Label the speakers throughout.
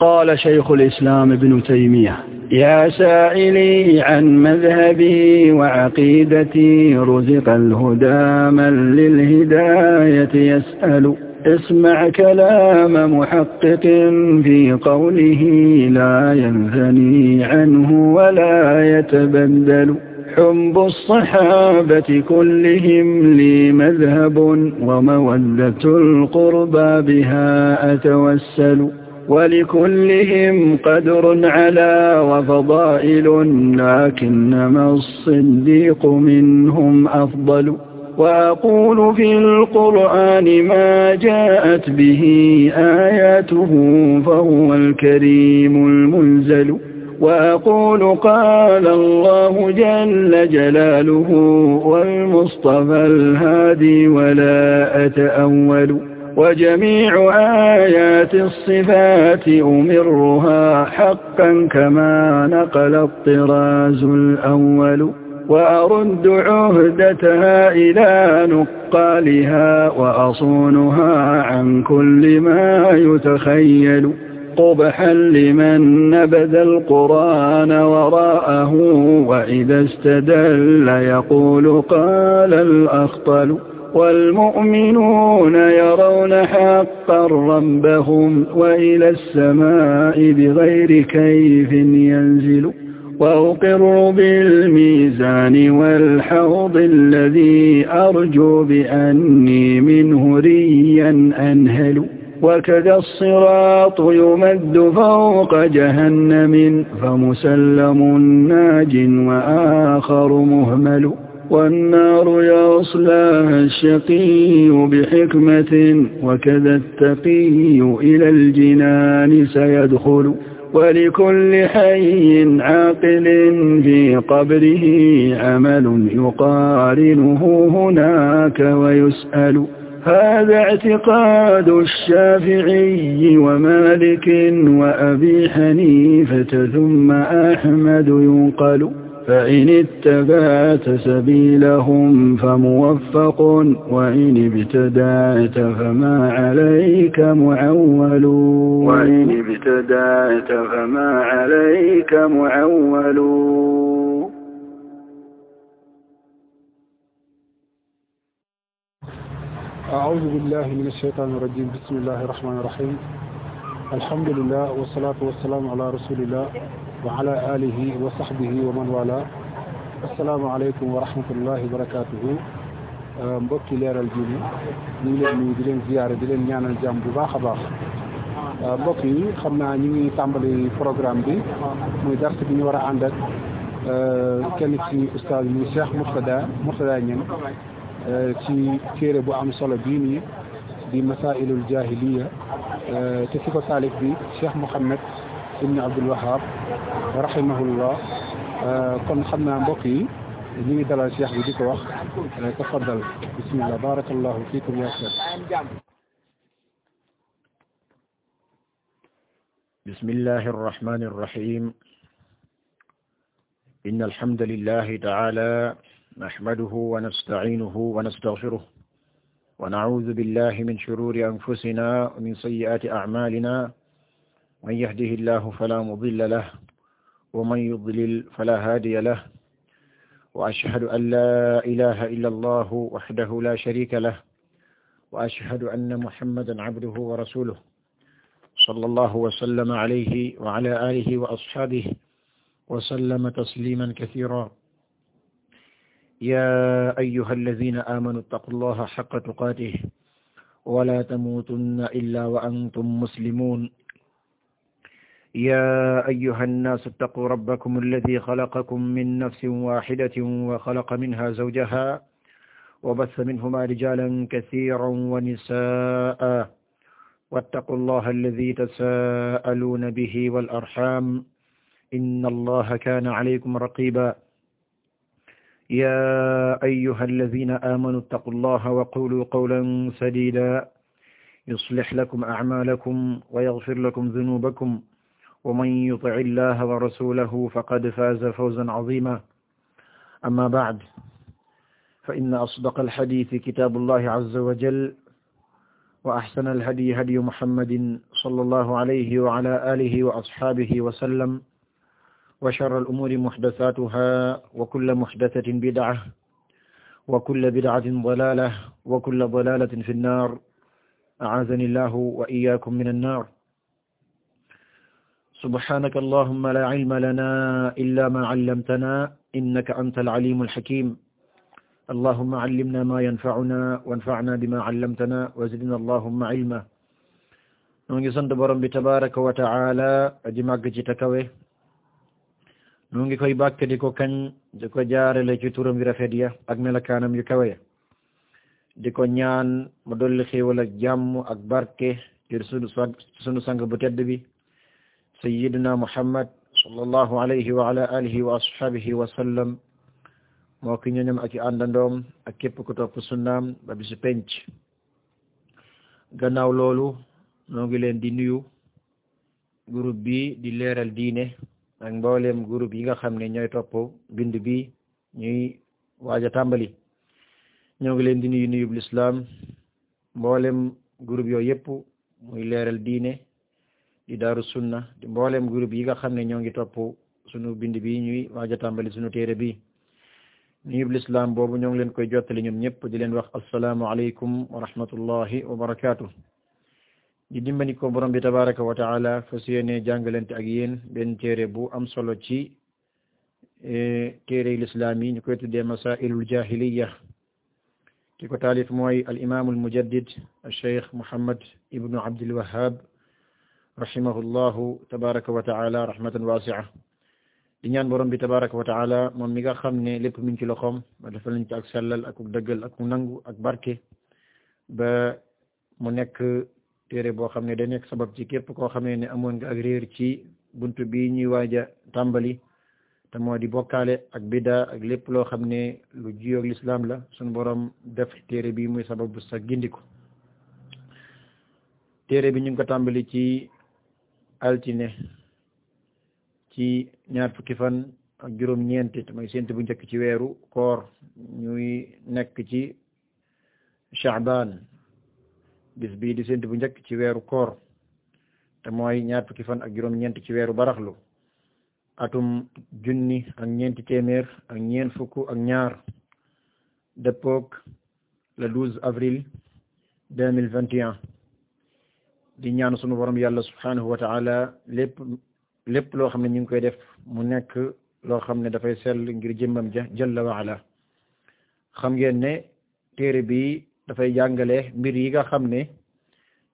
Speaker 1: قال شيخ الإسلام ابن تيمية يا سائلي عن مذهبي وعقيدتي رزق الهدى من للهداية يسأل اسمع كلام محقق في قوله لا ينثني عنه ولا يتبدل حب الصحابة كلهم لي مذهب ومودة القربى بها أتوسل ولكلهم قدر على وفضائل لكنما الصديق منهم أفضل وأقول في القرآن ما جاءت به آياته فهو الكريم المنزل وأقول قال الله جل جلاله والمصطفى الهادي ولا أتأول وجميع آيات الصفات أمرها حقا كما نقل الطراز الأول وأرد عهدتها إلى نقالها وأصونها عن كل ما يتخيل قبحا لمن نبذ القرآن وراءه وإذا استدل يقول قال الأخطل والمؤمنون يرون حقا ربهم وإلى السماء بغير كيف ينزل وأقر بالميزان والحوض الذي أرجو بأني منه ريا أنهل وكذا الصراط يمد فوق جهنم فمسلم ناج وآخر مهمل والنار يصلاها الشقي بحكمة وكذا التقي إلى الجنان سيدخل ولكل حي عاقل في قبره عمل يقارنه هناك ويسأل هذا اعتقاد الشافعي ومالك وأبي حنيفة ثم أحمد ينقل فإن اتبعت سبيلهم فموفق وإن ابتدعت فما عليك معول وإن ابتدعت فما عليك معول
Speaker 2: أعوذ بالله من الشيطان الرجيم بسم الله الرحمن الرحيم alhamdulilah wasalaatu wasalaam ala rasulillah wa ala alihi wa sahbihi wa man wala asalaamaaleykum wa rahmatullahi wa barakatuhu euh, mbokki leeral ji ñu ngi leen nuyu di leen ziyaare di leen ñaanal jàmm bu baax a baax euh, mbokk yi xam naa ñu ngi tàmbali programme bi muy dars bi ñu war a ànd ak euh, kenn ci ustaaz muy Cheikh Mourtada Mourtada Niang ci téere bu am solo bii nii di masailul jahiliya eh, te ki ko taalif bi Cheikh Mouhamed ibni Abdul Wahab rahimahullah eh, kon xam naa mbokk yi ñu ngi dalal Cheikh bi di ko wax eh, tafaddal bismillah barakallahu fiikum yaa Cheikh بسم الله الرحمن الرحيم إن الحمد لله تعالى نحمده ونستعينه ونستغفره ونعوذ بالله من شرور أنفسنا ومن سيئات أعمالنا من يهده الله فلا مضل له ومن يضلل فلا هادي له وأشهد أن لا إله إلا الله وحده لا شريك له وأشهد أن محمدا عبده ورسوله صلى الله وسلم عليه وعلى آله وأصحابه وسلم تسليما كثيرا يا أيها الذين آمنوا اتقوا الله حق تقاته ولا تموتن إلا وأنتم مسلمون يا أيها الناس اتقوا ربكم الذي خلقكم من نفس واحدة وخلق منها زوجها وبث منهما رجالا كثيرا ونساء واتقوا الله الذي تساءلون به والأرحام إن الله كان عليكم رقيباً يا أيها الذين آمنوا اتقوا الله وقولوا قولا سديدا يصلح لكم أعمالكم ويغفر لكم ذنوبكم ومن يطع الله ورسوله فقد فاز فوزا عظيما أما بعد فإن أصدق الحديث كتاب الله عز وجل وأحسن الهدي هدي محمد صلى الله عليه وعلى آله وأصحابه وسلم وشر الأمور محدثاتها وكل محدثة بدعة وكل بدعة ضلالة وكل ضلالة في النار أعاذني الله وإياكم من النار سبحانك اللهم لا علم لنا إلا ما علمتنا إنك أنت العليم الحكيم اللهم علمنا ما ينفعنا وانفعنا بما علمتنا وزدنا اللهم علما نونجي سنت برم بتبارك وتعالى أجمعك جتكوه nu ngi koy bàkk di ko kañ di ko jaarale ci turam yu rafet ya ak melakaanam yu kawe di ko ñaan mu dolli xéewal ak jàmm ak barke ci sunu sunu bu tedd bi sayyidina muhammad sallallahu alayhi wa ala alihi wa ashabihi wa sallam moo ki ñoñam ak i àndandoom ak képp ku to sunnaam ba bisu penc gannaaw loolu noo ngi leen di nuyu groupe bi di leeral diine ak mbooleem groupe yi nga xam ne ñooy topp bind bi ñuy waaj tàmbali ñoo ngi leen di nuyu nuyub lislaam mbooleem groupe yooyu yëpp muy leeral diine di daaru sunna di mbooleem groupe yi nga xam ne ñoo ngi topp sunu bind bi ñuy waaj a tàmbali sunu téere bi nuyub lislaam boobu ñoo ngi leen koy jottali ñoom ñëpp di leen wax assalaamu aleykum wa rahmatullahi wa barakaatu di dimbandikoo borom bi tabaraka wa taala fas yéene jàngalante ak yéen benn bu am solo ci e, téere lislaam yi ñu koy tuddee masailul jahiliya ki ko taalif mooy al imam al mujaddid al cheikh muhammad ibnu abdul wahhab rahimahullahu wa taala rahmatan wasia di ñaan borom bi tabaraka wa taala moom mi nga xam ne lépp min ci loxoom ba defal nañ ci ak sellal ak dëggal ak ak barke ba mu nekk téere boo xam ne da nekk sabab ci képp koo xamee ne amoon nga ak réer ci bunt bi ñuy waaja tàmbali te moo di bokkaale ak bida ak lépp loo xam ne lu jiyoog lislaam la suñu boroom def téere bi muy sababu sa gindiku téere bi ñu ngi ko tàmbali ci altine ci ñaar fukki fan ak juróom ñeenti mooy sént bu njëkk ci weeru koor ñuy nekk ci Sha'ban bis bii di sént bu njëkk ci weeru koor te mooy ñaar fukki fan ak juróom-ñeent ci weeru baraxlu atum junni ak ñeent téeméer ak ñeen fukk ak ñaar dëppook le 12 avril 2021 di ñaan sunu borom yàlla subhanahu wa taala lépp lépp loo xam ne ñu ngi koy def mu nekk loo xam ne dafay sell ngir jëmmam ja jalla wa ala xam ngeen ne téere bi dafay jàngale mbir yi nga xam ne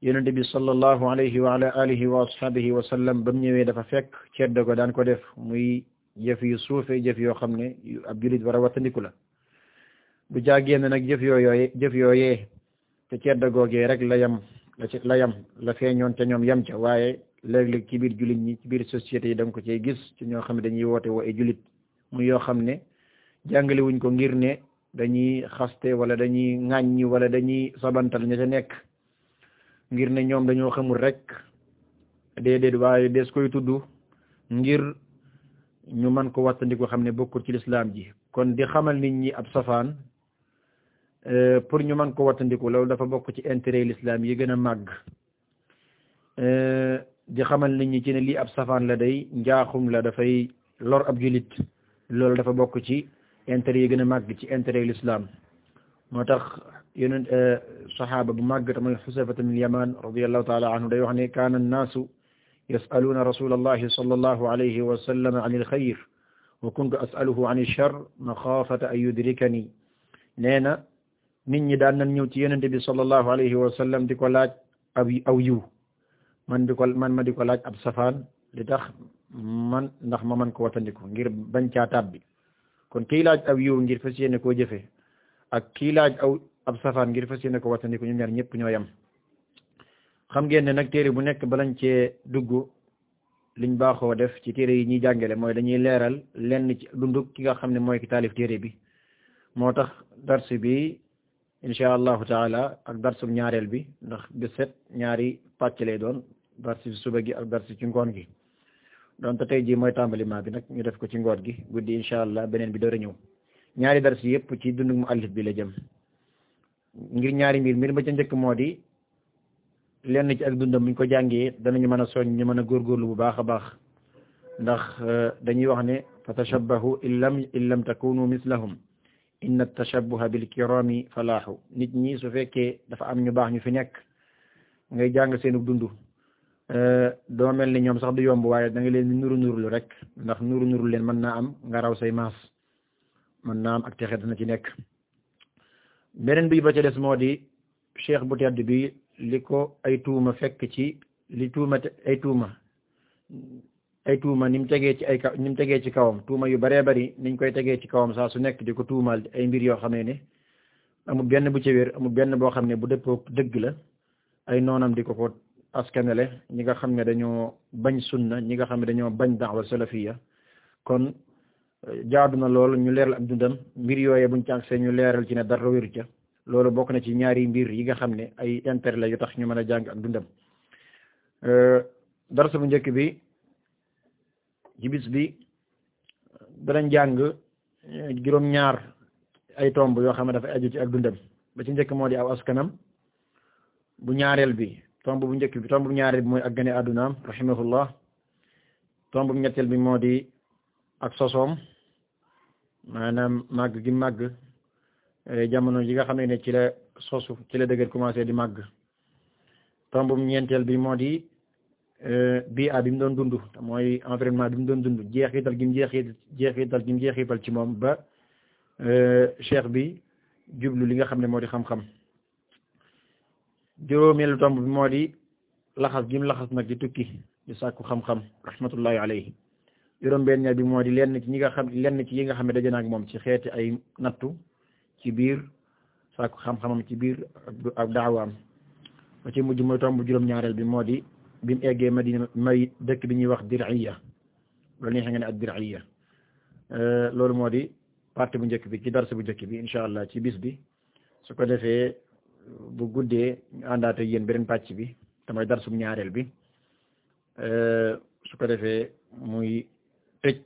Speaker 2: yonent bi sallallahu alayhi wa ala alihi wa ashabihi wa sallam ba mu ñëwee dafa fekk ceddo ko daan ko def muy jëf yu suuf jëf yoo xam ne ab jullit war a wattandiku la bu jàggee ne nag jëf yooyooye jëf yooyee te ceddo rek la yam la ci la yam la feeñoon te ñoom yam ca waaye léeg-léeg ci biir jullit ñi ci biir sociétés yi da ko cey gis ci ñoo xam ne dañuy woote woo ay jullit mu yoo xam ne jàngale wuñ ko ngir ne dañuy xaste wala dañuy ŋàññi wala dañuy sabantal ña ca nekk ngir ne ñoom dañoo xamul rek déedéet waaye des koy tudd ngir ñu mën ko wattandiku xam ne bokkul ci lislaam ji kon di xamal nit ñi ab safaan e, pour ñu mën ko wattandiku loolu dafa bokk ci intérêt lislaam yi gën a màgg e, di xamal nit ñi ci ne lii ab safaan la day njaaxum la dafay lor ab julit loolu dafa bokk ci intérêt yi gën a màgg ci intérêt l'islam moo tax yeneen euh, saxaaba bu màgg tamit Xusayfa min al-Yaman radiyallahu ta'ala anhu day wax ne kaana an-naasu yas'aluuna rasulallahi sallallahu alayhi wa sallam an al-xayr wa kuntu as'aluhu an ash-sharr maxaafata an yudrikani nee na nit ñi daan nañ ñëw ci yenente bi sallallahu alayhi wa sallam di ko laaj ab aw yiw man di ko man ma di ko laaj ab safaan li tax man ndax ma man ko watandiku ngir bañ caa tàbbi kon kii laaj aw yiw ngir fas yéene koo jëfe ak kii laaj aw ab safaan ngir fas yéene koo wattandiku ñu ñaar ñëpp ñoo am xam ngeen ne nag téere bu nekk balañ cee dugg liñ baaxoo def ci téere yi ñuy jàngale mooy dañuy leeral lenn ci dundug ki nga xam ne mooy ki taalif téere bi moo tax dars bi incha allahu taala ak darsu ñaareel bi ndax bi set ñaari pàcc lay doon dars bi suba gi ak dars ci ngoon gi donte tey jii mooy tàmbaliment bi nag ñu def ko ci ngoot gi guddi incha allah beneen bi door a ñëw ñaari dars yëpp ci mu muallif bi la jëm ngir ñaari mbir mbir ma ca njëkk moo di lenn ci ak dundam buñ ko jàngee danañu mën a soññ ñu mën a góorgóorlu bu baax a baax ndax euh, dañuy wax ne fa tashabbahu in lam in lam takunu mislahum inna tashabbuha bil kirami falaahu nit ñi su dafa am ñu baax ñu fi nekk ngay jàng seenu dund Euh, doo mel ni ñoom sax du yomb waaye da nga leen nuru nurulu rek ndax nuru nurul leen mën naa am nga raw say maas mën naa am ak texe dana ci nekk beneen bi ba ci des moo di cheikh bu tedd bi li ko ay tuuma fekk ci li tuuma ay tuuma ay tuuma ni mu tegee ci ay kaw ni mu tegee ci kawam tuuma yu baree bari niñ koy tegee ci kawam saa su nekk di ko tuumaal di ay mbir yoo xamee ne amul benn bu ci wér benn boo xam ne bu dëppoo dëgg la ay noonam di ko ko askanele ñi nga xam ne dañoo bañ sunna ñi nga xam ne dañoo bañ da'wa ya kon jaadu na loolu ñu leeral ak dundam mbir yooye buñ ci agsee ñu leeral ci ne dara wéru ca loolu bokk na ci ñaari mbir yi nga xam ne ay intérêt la yu tax ñu mën a jàng ak dundam euh, darsa bu njëkk bi ci bi danañ jàng euh, juróom ñaar ay tomb yoo xam ne dafay aju ci ak dundam ba ci njëkk moo di aw askanam bu ñaareel bi tomb bu njëkk bi tomb bu ñaareel bi mooy ak gane addunaam rahimahullah tomb bu ñetteel bi moo di ak sosoom maanaam màgg gi màgg eh, jamono ji nga xam ne ci la sosu ci la dëgër commencé di màgg tomb bu ñeenteel bi moo di eh, bii a bi mu doon dund mooy environnement bi mu doon dund jeexital gi mu jeexi jeexital gi mu jeexital ci moom ba eh, cheikh bi jublu li nga xam ne moo di xam-xam juróomeelu tomb bi moo di laxas gi mu laxas nag di tukki di sàkku xam-xam rahmatullahi alayhi juróom-benn ñaar bi moo di lenn ci ñi nga xam lenn ci yi nga xam ne daje na ak moom ci xeeti ay nattu ci biir sàkku xam-xamam ci biir ak daawaam ba ci mujj mooy tomb juróom-ñaareel bi moo di bi mu eggee Madina ma dëkk bi ñuy wax Dir'iyya loolu neexee nga ne ak Dir'iyya euh, loolu moo di partie bu njëkk bi ci darse bu njëkk bi incha allah ci bis bi su ko defee. bu guddee ñu àndaat ak yéen beneen pàcc bi tamay dar sum ñaareel bi su ko defee muy tëj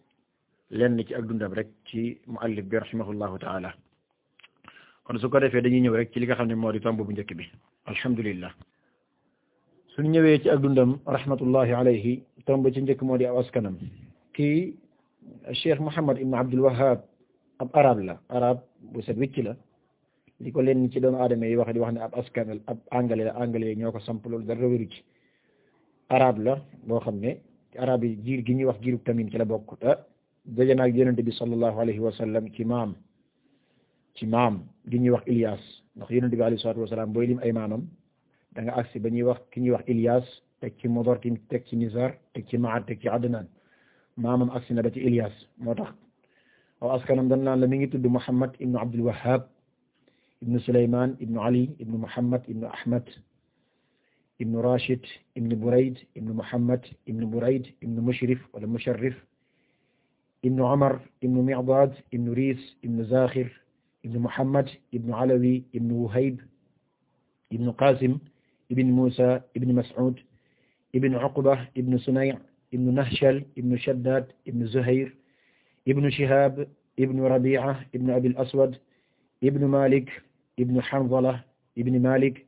Speaker 2: lenn ci ak dundam rek ci muallif bi rahimahullahu taala kon su ko defee dañuy ñëw rek li nga xam ne moo di tomb bu njëkk bi alhamdulillah suñ ñëwee ci ak dundam rahmatullahi alayhi tomb ci njëkk moo di aw askanam kii Cheikh Muhammad ibn Abdul Wahhab ab arab la arab bu set wicc la li ko leen ci doomu aadama yi wax di wax ne ab askan ab anglais la anglais ñoo ko samp loolu dara wéru arab la boo xam ne ci arab yi jiir gi ñuy wax jiirug tamim ci la bokk te daje na ak yonent bi sallallahu alayhi wa sallam ci maam ci maam gi ñuy wax Ilias ndax yonent bi alayhi salaatu wa booy lim ay maamam danga nga agsi ba ñuy wax ki ñuy wax Ilias teg ci Mudar teg ci Nizar teg ci Ma'ad teg ci Adnan maamam agsi na ba ci Ilias moo tax aw askanam dañ naan la mi ngi tudd Muhammad ibnu Sulaymaan ibnu Ali ibnu Muhammad ibnu Ahmad ibnu Rashid ibnu Burayd ibnu Muhammad ibnu Burayd ibnu Mushrif wala Musharrif ibnu Umar ibnu Mi'dad ibnu Riis ibnu Zakhir ibnu Muhammad ibnu Alawi ibnu Wuhayb ibnu Qaasim ibnu Muusaa ibnu Mas'uud ibnu Uqba ibnu Sunay' ibnu Nahshal ibnu Shaddaad ibnu Zuhayr ibnu Shihaab ibnu Rabii'a ibnu Abil Aswad ibnu Malik ibnu Hanzala ibnu Malik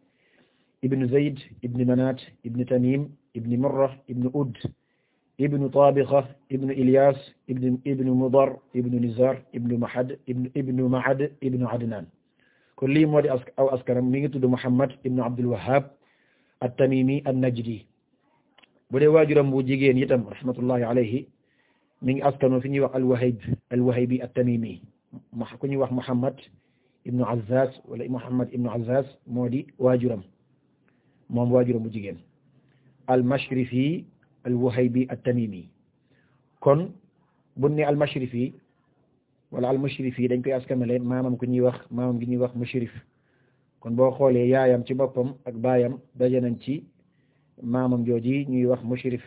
Speaker 2: ibnu Zayd ibnu Manat ibnu Tamim ibnu Murra ibnu Ud ibnu Tabixa ibnu Ilyas ibnu ibnu Mudar ibnu Nizar ibnu Mahad ibnu ibnu Mahad ibnu Adnan kon lii moo di aw askaram mi ngi tudd Muhammad ibnu Abdul Wahhab at-Tamimi an-Najdi bu dee waajuram bu jigéen itam rahmatullahi alayhi mi ngi askano fi ñuy wax al-Wahhab al-Wahhabi at-Tamimi ku ñuy wax Muhammad ibnu Azzaz wala Muhammad ibnu Azzaz moo di waajuram moom waajuram bu jigéen al-Mashrifi al-Wuhaybi at-Tamimi kon buñ ne al-Mashrifi wala al-Mushrifi dañ koy askanale maamam ku ñuy wax maamam gi ñuy wax mushrif kon boo xoolee yaayam ci boppam ak baayam daje nañ ci maamam jooji ñuy wax mushrif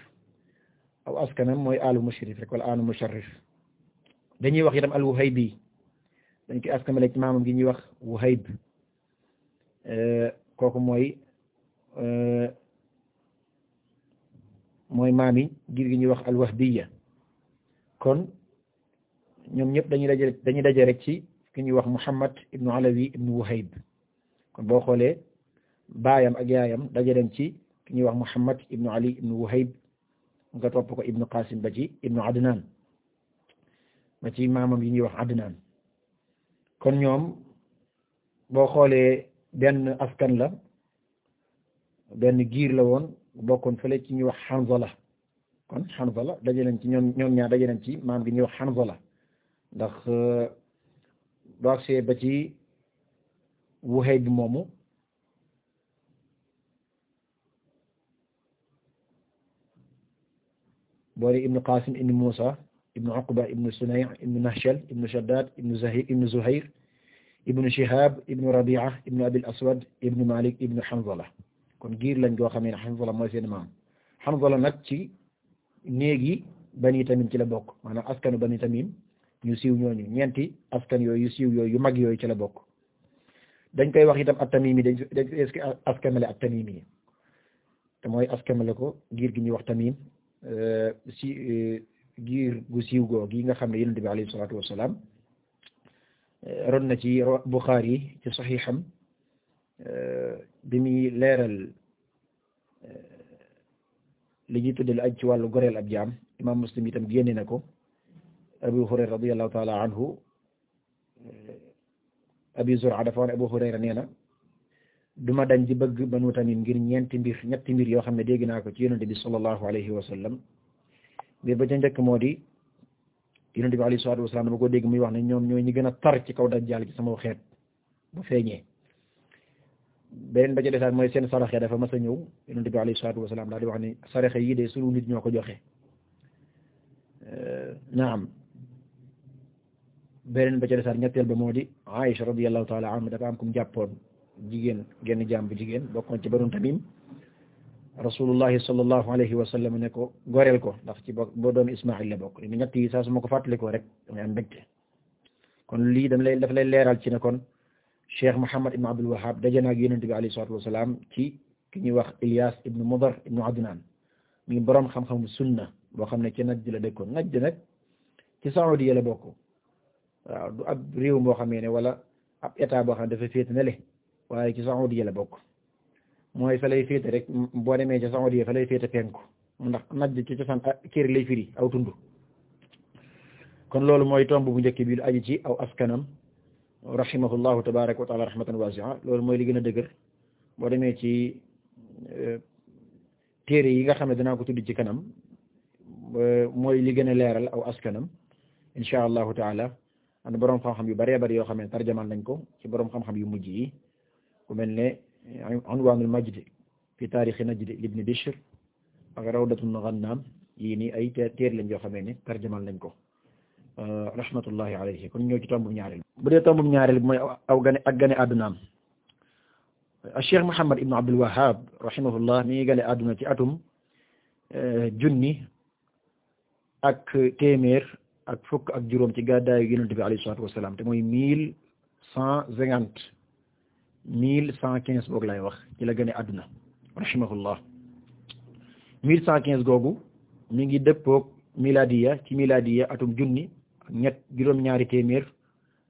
Speaker 2: aw askanam mooy alu mushrif rek wala alu musharrif dañuy wax itam al-Wuhaybi dañ koy askamale gi ñuy wax Wuhayb euh, kooku mooy euh, mooy maam yi ngir ñuy wax al-Wahdiya kon ñoom ñëpp dañuy daje dañuy daje ci ki ñuy wax Muhammad ibnu Alawi ibnu Wuhayb kon boo xoolee baayam ak yaayam daje dem ci ki ñuy wax Muhammad ibnu Ali ibnu Wuhayb nga topp ko ibnu Qasim ba ci ibnu Adnan ba ci maamam yi ñuy wax Adnan kon ñoom boo xoolee benn askan la benn giir la woon bokkoon fële ci ñuy wax Hanzala kon Hanzala daje nañ ci ñoom ñoom ñaar daje nañ ci maam gi ñuy wax Hanzala ndax euh, boo agsee ba ci wuxee bi moomu boori ibnu Qasim ibnu Musa ibnu Uqba ibnu Sunay' ibnu Nahshal ibnu Shaddad ibnu Zuhayr ibnu Zuhayr ibnu Shihab ibnu Rabi'a ibnu Abil Aswad ibnu Malik ibnu Hanzala kon giir lañ goo xam ne Hanzala mooy seen maam Hanzala nag ci néegi Bani Tamim ci la bokk maanaam askanu Bani Tamim ñu siiw ñooñu ñeenti askan yooyu yu siiw yooyu yu mag yooyu ci la bokk dañ koy wax itam at-Tamimi dañ est-ce que askanale at-Tamimi te mooy askanale ko giir gi ñuy wax Tamim euh, si euh, giir gu siiw goo gi nga xam ne yonent bi alayhi salaatu wassalaam ron na ci Bukhari ci saxiixam bi muy leeral li ñuy tuddal aj ci wàllu goreel ab jaam imaam Muslim itam génne na ko Abu Hurayra radiyallahu ta'ala anhu Abi Zur'a Abu Hurayra nee na duma dañ di bëgg Banu Tamim ngir ñeenti mbir ñetti mbir yoo xam ne dégg naa ko ci yonent bi sallallahu alayhi wa sallam biir ba ca njëkk moo di yonent bi alayhi salaatu wasalaam dama ko dégg muy wax ne ñoom ñoo ñi gën a tar ci kaw dajjaal ci sama xeet bu feeñee beneen ba ca desaat mooy seen saraxe dafa mas a ñëw yonent bi alayhi salaatu wasalaam daal di wax ni saraxe yi de sunu nit ñoo ko joxe naam beneen ba ca desaat ñetteel ba moo di Aïsha radiyallahu ta'ala anha dafa am kum jàppoon jigéen genn jaam bu jigéen bokkoon ci Banu Tamim rasulullahi sallallahu alayhi wa sallam ne ko goreel ko ndax ci bokk boo doon Ismaïl la bokk ni ñett yi ma ko fàttalikoo rek damay am kon lii dam la daf lay leeral ci na kon Cheikh Mouhammad ibn Abdul Wahhab daje na ak Yonent bi alayhi salaatu wa salaam ci ki ñuy wax Ilyas ibn Mudar ibn Adnan mi boroom xam-xamu sunna boo xam ne ci Najd la dëkkoon Najd nag ci Saoudiya la bokk waaw du ab réew moo xamee ne wala ab état boo xam ne dafa féete ne le waaye ci Saoudiya la bokk mooy fa lay féete rek boo demee ca Saoudia fa lay féete penku ndax najj ci cosaan ah, kër lay firi aw tund kon loolu mooy tomb bu njëkk bii lu aju ci aw askanam rahimahullahu tabaraka wa taala rahmatan wasi'a loolu mooy li gën a dëgër boo demee ci euh, téere yi nga xam ne danaa ko tudd ci kanam euh, mooy li gën a leeral aw askanam insha allahu taala am na boroom xam-xam yu bëree bëri yoo xam ne tarjamaan nañ ko ci boroom xam-xam yu mujj yi ku mel ne anwaanul majdi fi taarixi najdi libni bishr ak rawdatun ghannaam yii nii ay téer lañ yoo xamee ne tarjamal nañ ko euh, rahmatullahi alayhi kon ñoo ci tombum ñaareel bu dee tombum ñaareel bi mooy aw gane ak gane àddunaam Cheikh Muhammad ibnu Abdul Wahhab rahimahullah mi ngi gane àdduna ci atum euh, junni ak téeméer ak fukk ak juróom ci gàddaayu Yonent bi alayhi salaatu wa salaam te mooy mille cent cinquante mille cent quinze boog lay wax ci la gëne àdduna rahimahullah mille cent quinze googu mi ngi dëppoog miladiya ci miladiya atum junni ak ñett juróom-ñaari téeméer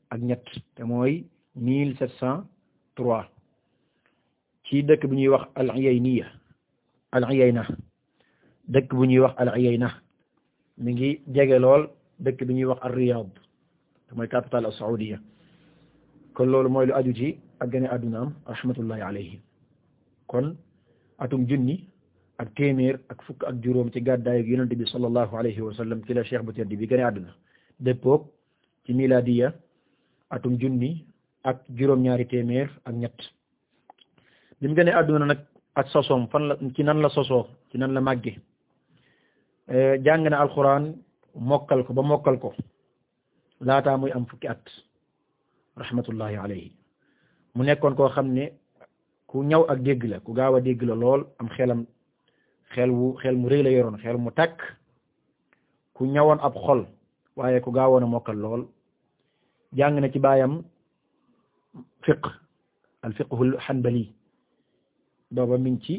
Speaker 2: ak ñett te mooy mille sept cent trois ci dëkk bu ñuy wax al-Uyayniya al-Uyayna dëkk bu ñuy wax al-Uyayna mi ngi jege lool dëkk bu ñuy wax ar-Riyad te mooy capitale as-Saoudiya kon lu aju ak gane àddunaam rahmatullahi alayhi kon atum junni ak téeméer ak fukk ak juróom ci gàddaayu yonent bi sallallahu alayhi wa sallam ci la cheikh bu tedd bi gane àdduna dëppoog ci miladiya atum junni ak juróom-ñaari téeméer ak ñett bi mu gane àdduna nag ak sosoom ci nan la sosoo ci nan la màgge e, jàng na alxuraan mokkal ko ba mokkal ko laataa muy am fukki at rahmatullahi alayhi mu nekkoon koo xam ne ku ñaw ak dégg la ku gaaw a dégg la lool am xelam xel wu xel mu rëy la yoroon xel mu takk ku ñawoon ab xol waaye ku gaawoon a mokkal lool jàng na ci baayam fiq al fiqhul hanbali booba miñ ci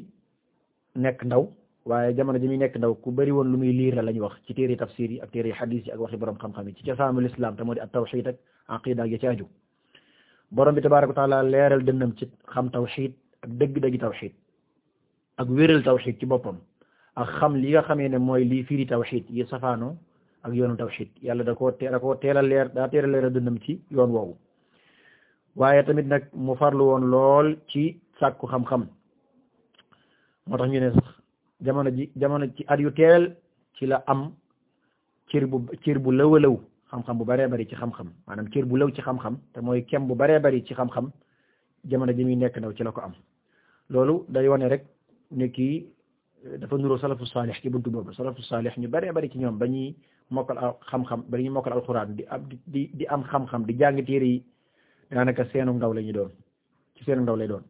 Speaker 2: nekk ndaw waaye jamono ji muy nekk ndaw ku bari woon lu muy liir la lañu wax ci téere tafsir yi ak téere xadiis yi ak waxi borom xam-xam ci ca lislaam te moo di at tawxiid ak aqiida ak ya ci aju borom bi tabaaraka wa taala leeral dënnam ci xam tawxiid ak dëgg-dëggi tawxiid ak wéral tawxiid ci boppam ak xam li nga xamee ne mooy lii firi tawxiid yi safaano ak yoonu tawxiid yàlla da koo da koo teel a leer daa teel a leeral dënnam ci yoon woowu waaye tamit nag mu farlu woon lool ci sàkku xam-xam moo tax ñu ne sax jamono ji jamono ci at yu teel ci la am cër bu bu lëwalëw xam-xam bu baree bari ci xam-xam maanaam cër bu law ci xam-xam te mooy kem bu baree bari ci xam-xam jamono ji muy nekk ndaw ci la ko am loolu day wane rek ne kii eh, dafa nuroo salafu saalix ci buntu boobu salafu saalix ñu baree bari ci ñoom ba ñuy mokkal al xam-xam ba ñuy mokkal alxuraan di am di di am xam-xam di jàng téere yi daanaka seenu ndaw la ñu doon ci seenu ndaw lay doon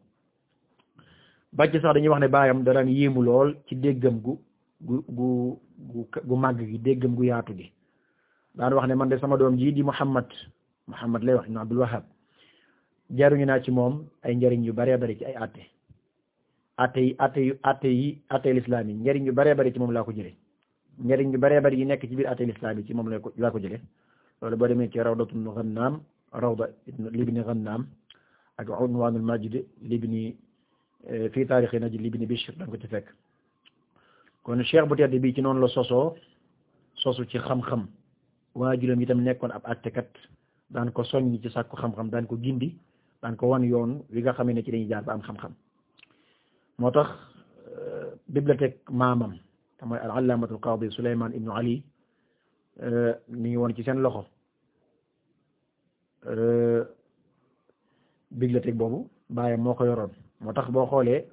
Speaker 2: bàcc sax dañuy wax ne baayam da daan yéemu lool ci déggam gu gu gu gu màgg gi déggam gu yaatu gi daan wax ne man de sama doom ji di Muhammad Muhammad lay wax ibn Abdul Wahhab jaruñu naa ci moom ay njariñ yu bëree bëri ci ay atte atte yi atte yu atte yi atte lislaam yi njariñ yu bëree bëri ci moom laa ko jële njariñ yu bëree bëri yi nekk ci biir atte lislaam yi ci moom laa ko jële loolu boo demee ci rawdatun Ghannaam rawda libni Ghannaam ak unwaanul Majd libni eh, fii taarixi Najd libni Bishr da nga ko ci fekk kon cheikh bu tedd bi ci noonu la sosoo sosu ci xam-xam waajuram itam nekkoon ab àttekat daan ko soññ ci sàkku xam-xam daan ko gindi daan ko wan yoon wi nga xam ne ci dañuy jaar ba am xam-xam moo tax euh, bibliothèque maamam te mooy al-allaamatul qaadi Souleymane Ibn Ali euh, mi ngi woon ci seen loxo euh, bibliothèque boobu baayam moo ko yoroon moo tax boo xoolee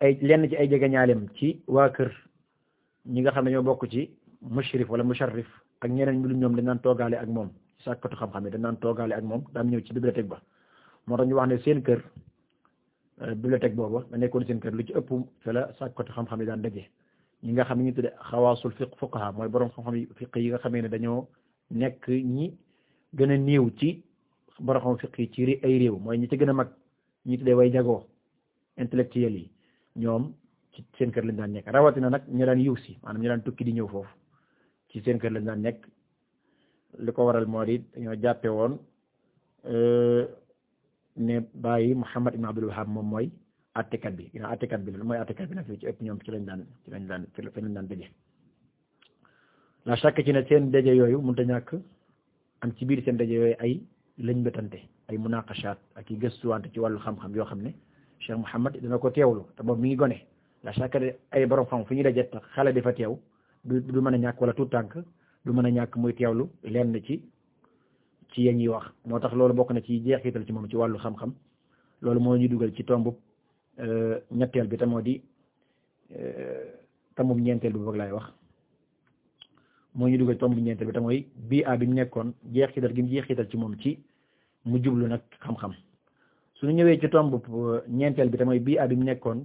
Speaker 2: ay lenn ci ay jegeñaaleem ci waa kër ñi nga xam ne ñoo bokk ci mushrif wala musharrif ak ñeneen ñu lu ñoom dañ naan toogaale ak moom sàkkatu xam-xam yi dañ naan toogaale ak moom daan ñëw ci bibliothèque ba moo tax ñu wax ne seen kër euh, bibliothèque booba da nekkoon seen kër lu ci ëpp fa la sàkkatu xam-xam yi daan dajee ñi nga xam ne ñu tudde xawaasul fiq fuqaha mooy borom xam-xam yi yi nga xamee ne dañoo nekk ñi gën a néew ci borom xam fiq yi ci ay réew mooy ñi ci gën a mag ñi tuddee way jagoo intellectuels yi ñoom ci seen kër lañ daan nekk rawatina nag ñu daan yiw si maanaam ñu daan tukki di ñëw foofu ci seen kër lañ daan nekk li ko waral moo di dañoo jàppe woon euh, ne bàyyi Muhammad ibn Abdul Wahhab moom mooy attekat bi ginnaaw attekat bi la mooy attekat bi ci ëpp ñoom ci lañ daan ci lañ daan ci lañ daan daje la chaque ci ne seen daje yooyu mënut a ñàkk am ci biir seen daje yooyu ay lañ bëtante ay munaqashaat ak i gëstuwaante ci wàllu xam-xam yoo xam ne Cheikh Muhammad dana ko teewlu te moom mi ngi gone la chaque ay borom xam fu ñuy daje tax xale fa teew du du mën a ñàkk wala tout tànk du mën a ñàkk muy teewlu lenn ci ci ya ñuy wax moo tax loolu bokk na ci jeexital ci moom ci wàllu xam-xam loolu moo ñu dugal ci tombu euh, ñetteel bi te moo di euh, tamum ñeenteel bi boog laay wax moo ñu dugal ci tombu ñeenteel bi te bii a bi mu nekkoon jeexital gi mu jeexital ci moom ci mu jublu nag xam-xam ñëwee ci tombu euh, ñeenteel bi te bii a bi mu nekkoon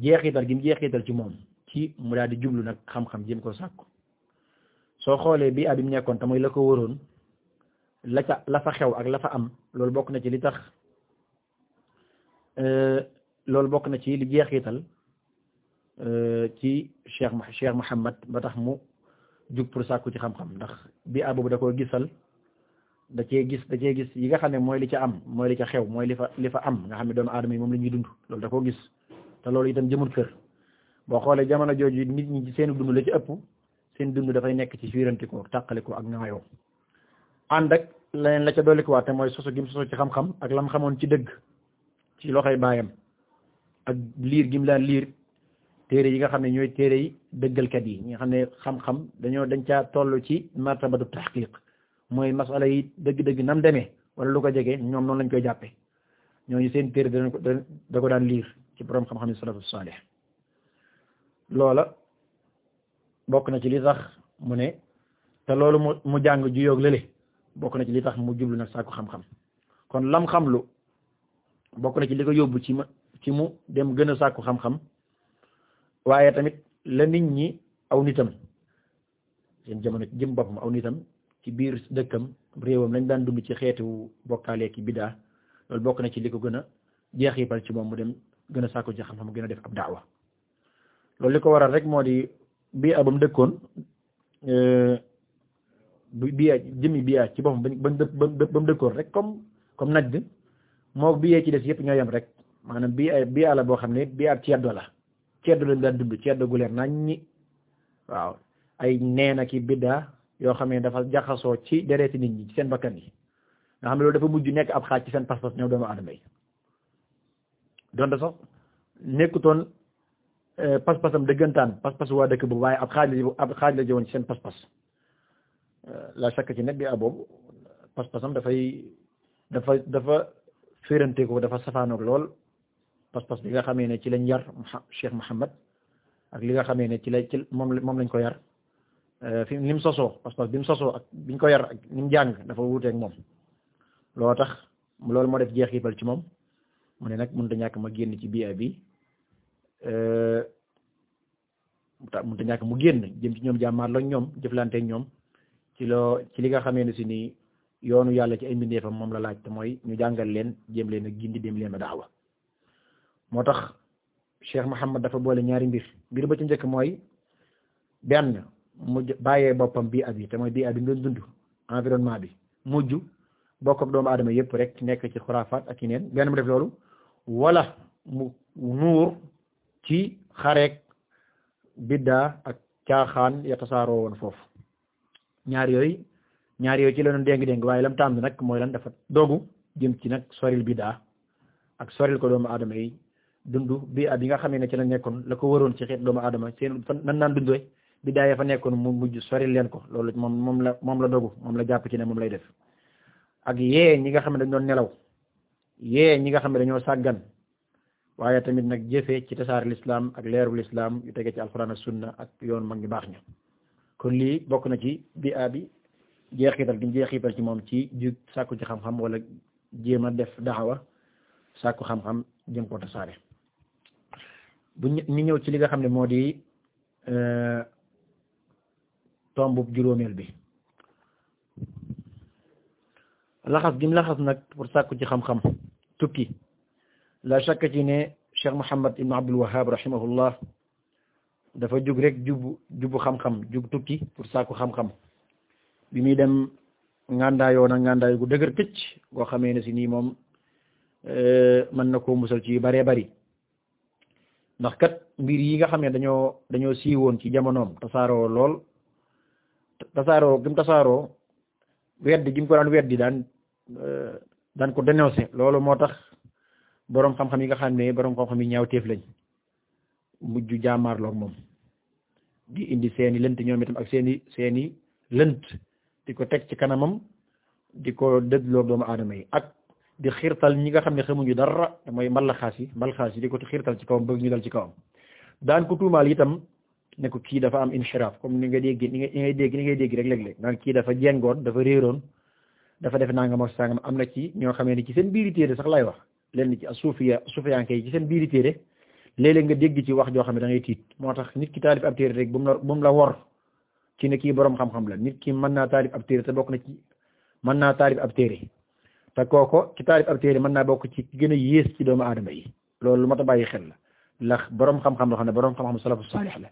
Speaker 2: jeexital gi mu jeexital ci moom ci mu daal di jublu nag xam-xam jëm ko sàkku soo xoolee bi abim nekkoon te mooy la ko waroon la ca la fa xew ak la fa am loolu bokk na ci li tax euh, loolu bokk na ci li jeexital euh, ci cheikh cheikh Mouhamed ba tax mu jug pour sàkku ci xam-xam ndax bii abu da koo gisal da cee gis da cee gis yi nga xam ne mooy li ca am mooy li ca xew mooy li fa li fa am nga xam ne doomu aadama yi moom la ñuy dund loolu da koo gis te loolu itam jëmul kër boo xoolee jamono jooju nit ñi seen dund la ci ëpp seen dund dafay nekk ci suirantikoo tàqalikoo ak ñaayoo ànd ak leneen la ca doolikuwaate mooy soso gim soso ci xam-xam ak lam xamoon ci dëgg ci loxoy baayam ak liir gim laan liir téere yi nga xam ne ñooy téere yi dëggalkat yi ñi nga xam ne xam dañoo dañ caa toll ci martabatu tahqiq mooy masala yi dëgg-dëgg nam demee wala lu ko jege ñoom noonu lañ koy jàppe ñoo seen téere da ko daan liir ci borom xam-xam yi salafu saalih loola bokk na ci li sax mu ne te loolu mu mu jàng ju juyoog lële bokk na ci li tax mu jublu nag sàkku xam-xam kon lam lu bokk na ci li ko yóbbu ci ma ci mu dem gën a sàkku xam-xam waaye tamit la nit ñi aw nitam seen jamono ci jëm boppam aw nitam ci biir dëkkam réewam lañ daan dund ci xeetu bokkaale ki bidaa loolu bokk na ci li ko gën a jeexital ci moom mu dem gën a sàkku ci xam-xam gën a def ab daawa loolu li ko waral rek moo di bii a abam dëkkoon euh, bii jëmi bii ci boppam ba ba mu dëkkoon rek comme comme najd moo bii ci des yëpp ñoo yem rek maanaam bii ay bii la boo xam ne bii ab ceddo la ceddo lañ daan dund ceddo gu leer nañ ñi waaw ay neen ak i bidda yoo xam ne dafa jaxasoo ci dereeti nit ñi ci seen bakkan yi nga xam ne loolu dafa mujj nekk ab xaaj ci seen pas-pas ñëw doomu aadama yi donte sax nekkutoon Euh, pas-pasam dëggantaan pas-pas dëkk bu waaye ab xaaj la ab xaaj la jëwoon ci seen pas-pas euh, la sakk ci nag bi ab ah, boobu pas dafay dafa dafa féerante ko dafa safaanoog lool pas-pas bi nga xamee ne ci lañ yar Cheikh Mouhamed ak li nga xamee ne ci la ci moom moom lañ ko yar euh, fi ni mu sosoo pas-pas bi mu sosoo ak bi biñ ko yar ak ni mu jàng dafa wuuteeg moom loo tax loolu moo def jeex yibal ci moom mu ne nag mënut a ñàkk ma génn ci bii bi. Euh, mënta ñàkk mu génn jëm ci ñoom jàmmaar lañ ñoom jëflanteeg ñoom ci loo ci li nga xamee ne si nii yoonu yàlla ci ay mbindeefam moom la laaj te mooy ñu jàngal leen jéem leen a gindi leen a daawa moo tax Cheikh Mouhamed dafa boole ñaari mbir mbir ba ci njëkk mooy benn mu bàyyee boppam bi ab yi te mooy bii ab yi doon dund environnement bi mujj bokk doomu aadama yëpp rek nekk ci xuraafaat ak yeneen benn mu def loolu wala mu nuur ci xareek biddaa ak caaxaan ya tasaaroo woon foofu ñaar yooyu ñaar yooyu ci la doon déng-déng waaye lam tàmm nag mooy lan dafa dogu jëm ci nag soril biddaa ak soril ko doomu adama yi dund bi at yi nga xamee ne ci la nekkoon la ko waroon ci doomu aadama seen fan nan naan dundee biddaa fa nekkoon mu mujj soril leen ko loolu moom moom la moom la dogu moom la jàpp ci ne moom lay def ak ñi nga xam ne dañ nelaw yee ñi nga xam ne dañoo sàggan waaye tamit nag jëfee ci tasaare lislaam ak leeru lislaam yu tegee ci alquran ak sunna ak yoon mag ñu baax ñu kon lii bokk na ci bi a bi jeexital gi jeexital ci moom ci ju sàkku ci xam-xam wala jéem a def daawa sàkku xam-xam jëm ko tasaare bu ñu ñëw ci li nga xam ne moo di e, tombub juróomeel bi laxas gi laxas nag pour sàkku ci xam-xam tukki la shakka ci ne Cheikh Mouhammad ibn Abdul Wahhab rahimahullah dafa jug rek jub jubu xam-xam jug tukki pour sàkku xam-xam bi muy dem ngàndaayoo na ngàndaay gu dëgër goo xamee ne nii moom euh, mën na koo musal ci yu bëree bëri mbir yi nga xam ne dañoo dañoo siiwoon ci jamonoom tasaaroo lool tasaaroo gi mu tasaaroo weddi gi mu ko daan weddi euh, daan ko dénoncé loolu moo tax boroom xam-xam yi nga xam ne boroom xam-xam yi ñaaw téef lañ mujj jaamaarloog moom di indi seeni lënt ñoom itam ak seeni seeni lënt di ko teg ci kanamam di ko dëdloog doomu aadama yi ak di xiirtal ñi nga xam ne xamuñu dara mooy mbalaxaas yi mbalaxaas yi di ko xiirtal ci kawam bëgg ñu dal ci kawam daan ko tuumaal itam ne ko kii dafa am inxiraaf comme ni nga dégg ni ngay dégg ni ngay dégg rek léeg-léeg naan kii dafa jengoon dafa réeroon dafa def nangam ak sangam am na ci ñoo xamee ne ci seen biir téere sax lay wax lenn ci suufiya suufiyanke yi ci seen biiri téere léeg-léeg nga dégg ci wax joo xam ne da ngay tiit moo tax nit ki taalif ab téere rek la wor ci ne kii boroom xam la nit ki mën naa taalif ab téere te bokk na ci mën naa taalif ab téere te kooko ci taalif ab téere mën naa bokk ci gën a yées ci doomu aadama yi loolu lu mat a bàyyi xel la ndax boroom xam-xam la xam ne boroom xam-xam salafu saalih la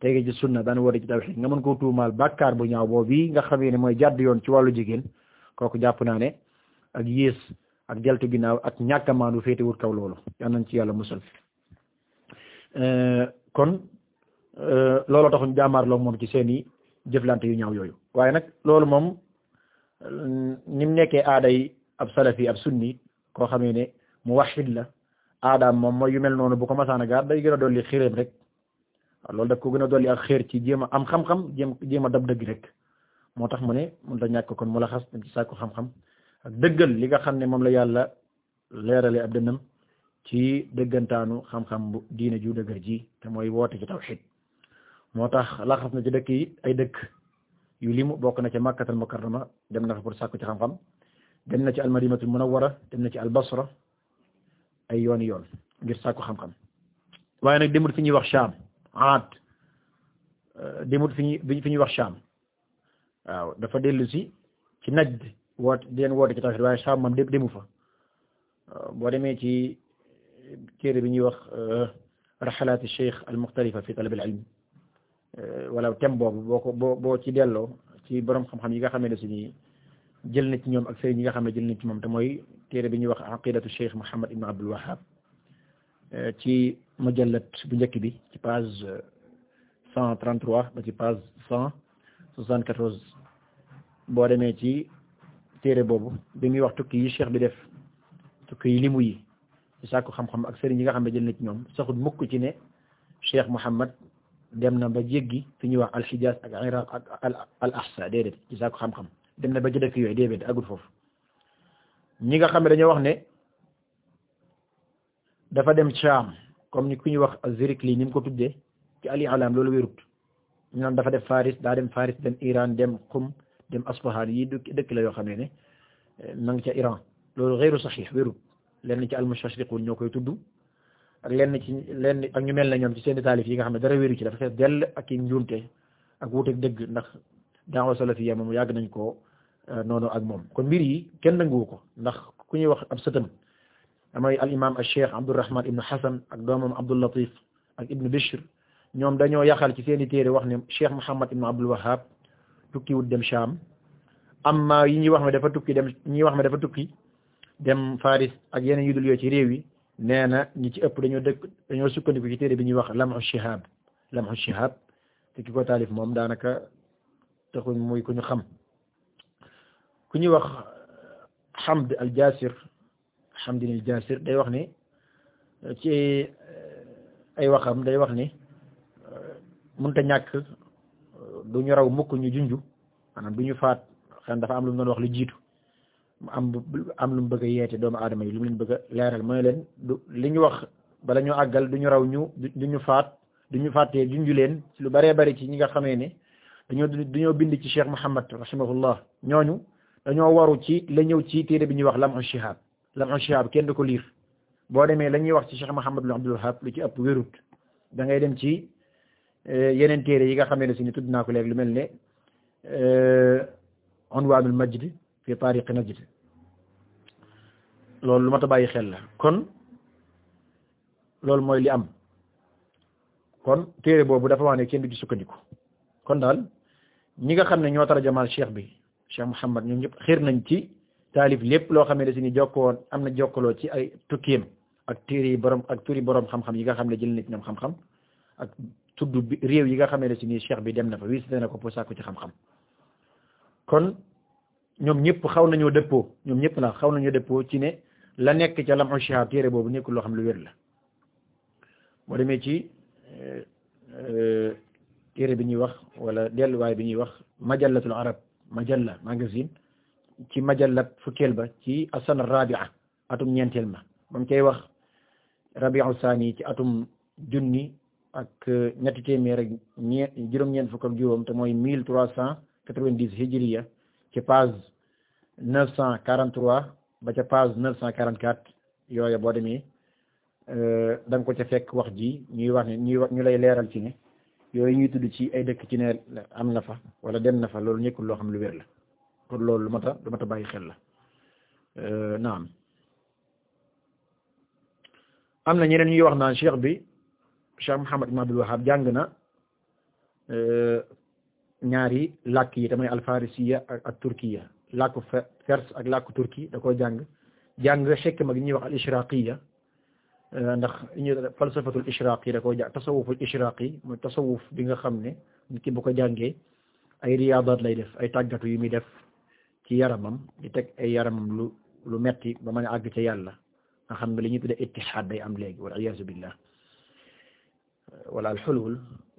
Speaker 2: tege ci sunna daan woote ci tawhid nga mën koo tuumaal bàkkaar bu ñaaw boobu nga xamee ne mooy jàdd yoon ci wàllu jigéen kooku jàpp naa ne ak yées ak deltu ginnaaw ak ñàkk a féete wut kaw loolu yal nañ ci yàlla musal euh, kon euh, looloo taxuñ jaamaarloo moom ci seen i jëflante yu ñaaw yooyu waaye nag loolu moom ni mu nekkee aaday ab salafi ab sunni koo xamee ne mu waxid la aadaam moom mooy yu mel noonu boo ko masaana gaar day gën a dolli xiréem rek loolu daf koo gën a dolli ak xéer ci jéem a am xam-xam jéem jéem a dab dëgg rek moo tax mu ne mun ta ñàkk kon mu la xas ci sàkku xam-xam ak dëggal li nga xam ne moom la yàlla leerale ab dënnam ci dëggantaanu xam-xam bu diine ju dëgër ji te mooy woote ci tawhid moo tax laxas na ci dëkk yi ay dëkk yu limu bokk na ci makkatal mukarrama dem na fa pour sàkku ci xam-xam dem na ci almadinatul munawwara dem na ci albasra ay yooni yoon ngir sàkku xam-xam waaye nag demul fi ñuy wax Sham Aad euh, demul fi wax Sham waaw dafa dellu ci Najd woote di leen woote ci tawhid waaye Saam moom dé demu fa euh, boo demee ci téere bi ñuy wax euh, raxalaati cheikh al muxtalifa fi talab al ilm euh, wala thème boobu boo ko boo boo ci delloo ci borom xam-xam yi nga xam ne suñuy jël na ci ñoom ak sëriñ yi nga xam ne jël na ci moom te mooy téere bi ñuy wax aqidatu cheikh Muhammad ibn Abdul Wahhab ci mujallat bu njëkk bi ci page cent trente-trois ba ci page cent soixante-quatorze boo demee ci téere boobu bi muy wax tukki yi cheikh bi def tukki yi limu yi ci sàkku xam-xam ak sëriñ yi nga xam ne jël ne ci ñoom saxul mukk ci ne cheikh Mouhamad dem na ba jéggi fi ñuy wax alxijaas ak iraq ak al ahsa déedéet ci sàkku xam-xam dem na ba ci yooyu déedéet agul foofu ñi nga xam ne dañoo wax ne dafa dem Caam comme ni ku ñuy wax Zirikli ni mu ko tuddee ci al-I'lam loolu wérut naan dafa def Faris daa dem Faris dem Iran dem Qum dem Aspahan yi dëkk la yoo xam ne ne eh, ma ngi ca Iran loolu xeyru saxiix wérut lenn ci al-mustashriqun ñoo koy tudd ak lenn ci lenn ak ñu na ñoom ci seen yi nga xam ne dara wéru ci dafa fees dell ak i njuumte ak wuuteeg dëgg ndax daawa salafiyya moom yàgg nañ ko eh, noonu ak moom kon mbir yi kenn nanguwu ko ndax ku ñuy wax ab sëtam amay al imam al cheikh Abdourahman ibn Hasan ak doomam Abdul Latif ak ibn Bishr ñoom dañoo yaxal ci seen i wax ne cheikh Muhammad ibn Abdul Wahhab tukkiwut dem Sham amma yi ñuy wax ne dafa tukki dem ñuy wax ne dafa tukki dem Faris ak yeneen yu dul yoo ci réew yi nee na ñi ci ëpp dañoo dëkk dañoo sukkandiku ci téere bi ñuy wax Lamhu Shihab Lamhu Shihab te ki ko taalif moom daanaka taxul muy ku ñu xam ku ñuy wax Hamd al Jasir Hamdin al Jasir day wax ni ci ay waxam day wax ne mënta ñàkk du ñu raw mukk ñu junju maanaam du ñu faat xen dafa am lu mu doon wax lu jiitu am am lu mu bëgg yeete doomu aadama yi lu mu leen bëgg a leeral mooy leen du li ñu wax bala ñu àggal du ñu raw ñu du ñu faat du ñu fàttee junju leen lu bëree bëri ci ñi nga xamee ne dañoo dañoo bind ci Cheikh Muhammad rahimahullah ñooñu dañoo waru ci la ñëw ci téere bi ñuy wax lam Shihab Lam'u Shihab kenn du ko liir boo demee la ñuy wax ci Cheikh Muhammad ibn Abdul Wahhab lu ci ëpp wérut Eh, yeneen téere yi nga xamee ne si ni tudd naa ko léegi lu mel ne eh, unwaanul majd fi taariqi najd loolu lu mat a bàyyi xel la kon loolu mooy li am kon téere boobu dafa wax ne kenn du sukkandiku kon daal ñi nga xam ne ñoo tarjamaal cheikh bi cheikh Mouhamed ñoom ñëpp xir nañ ci taalif lépp loo xam ne si ni jokkoon am na jokkaloo ci ay tukkiyam ak téere yi borom ak turi boroom xam-xam yi nga xam ne jël na ci ñoom xam-xam tudd bi réew yi nga xamee ne si nii cheikh bi dem na fa visité na ko pour sàkku ci xam-xam kon ñoom ñëpp xaw nañoo dëppoo ñoom ñëpp la xaw nañoo dëppoo ci ne la nekk ca lamu shihaab téere boobu nekkul loo xam lu wér la boo demee ci euh, téere bi ñuy wax wala delluwaay bi ñuy wax majallatul arab majalla magazine ci majalla fukkeel ba ci asana rabia atum ñeenteel ma moom cay wax rabiu saani ci atum junni ak euh, ñetti téeméer ak ñe juróom-ñeent fukk ak juróom te mooy mille trois cent quatre-vingt-dix hijriya ci page neuf cent quarante-trois ba ca page neuf cent quarante-quatre yooya boo demee euh, da nga ko ca fekk wax ji ñuy wax ne ñuy wax ñu lay leeral ci ne yooyu ñuy tudd ci ay dëkk ci ne am na fa wala dem na fa loolu ñëkkul loo xam lu wér la kon loolu lu mat a lu mat a bàyyi xel la euh, naam am na ñeneen ñuy wax naan cheikh bi Cheikh Mouhamed ibn Abdul Wahhab jàng na e, ñaari làkk yi tamay alfarisiya ak turkiya làkku perse ak làkku turki da ko jàng jàng xikma gi ñuy wax al ishraqiya e, ndax ñu falsafatul ishraqi da ko jàng tasawuful ishraqi mooy tasawuf bi nga xam ne nit ki bu ko jàngee ay riyaadaat lay def ay tàggatu yu muy def ki yaramam di teg ay yaramam lu lu metti ba mën a àgg ca yàlla nga xam ne li ñu tudde ittihaad day am léegi wal iyaazu billah wala alxulul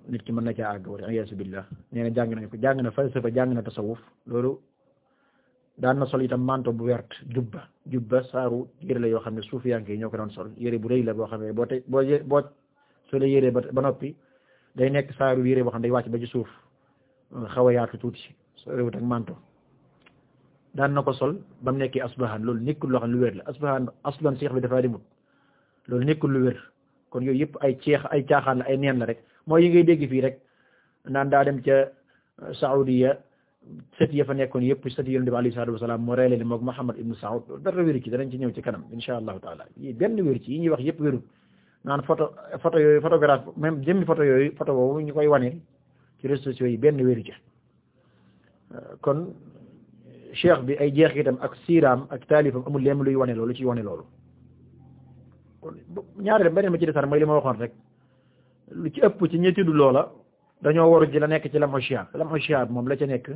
Speaker 2: nit ki man na caa àgg wala iyaasu billah nee na jàng nañ ko jàng na falsafa jàng na tasawuf loolu daan na sol itam manto bu wert jubba jubba saaru yére la yoo xam ne suufiyanke yi ñoo ko doon sol yére bu rëy la boo xam ne boo te boo boo sole ba ba noppi day nekk saaru yére boo xam ne day ba ci suuf xaw a yaatu tuuti so réwut ak manto daan na ko sol ba mu nekkee asbahan loolu nekkul loo xam ne lu wér la asbahan aslan seex bi dafaa demut loolu nekkul lu wér kon yooyu yëpp ay ceex ay caaxaan la ay neen la rek mooy yi ngay dégg fii rek naan daa dem ca uh, Saudiya sët ya fa nekkoon yëpp sët yonent bi alayhi salaatu wasalaam moo rey leen moog Muhammad ibn Saud dara wéru ci danañ ci ñëw ci kanam insha allahu taala yi benn wéru ci yi ñuy wax yëpp wérul naan photo photo yooyu photographe même jëmmi photo yooyu photo boobu ñu koy wane ci réseaux yi benn wéru ci uh, kon cheikh bi ay jeexitam ak siiraam ak taalifam amul lenn luy wane loolu ci wane loolu ñaareel beneen ma ci desaan mooy li ma waxoon rek lu ci ëpp ci ñi tudd loola dañoo waru ji la nekk ci lam shiat lam shiat moom la ca nekk